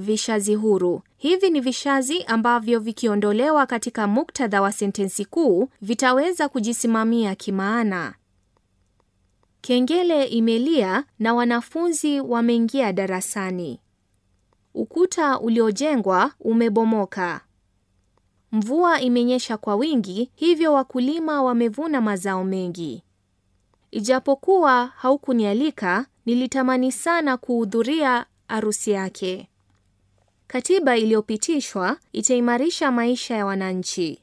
Vishazi huru. Hivi ni vishazi ambavyo vikiondolewa katika muktadha wa sentensi kuu vitaweza kujisimamia kimaana. Kengele imelia na wanafunzi wameingia darasani. Ukuta uliojengwa umebomoka. Mvua imenyesha kwa wingi, hivyo wakulima wamevuna mazao mengi. Ijapokuwa haukunialika, nilitamani sana kuhudhuria arusi yake. Katiba iliyopitishwa itaimarisha maisha ya wananchi.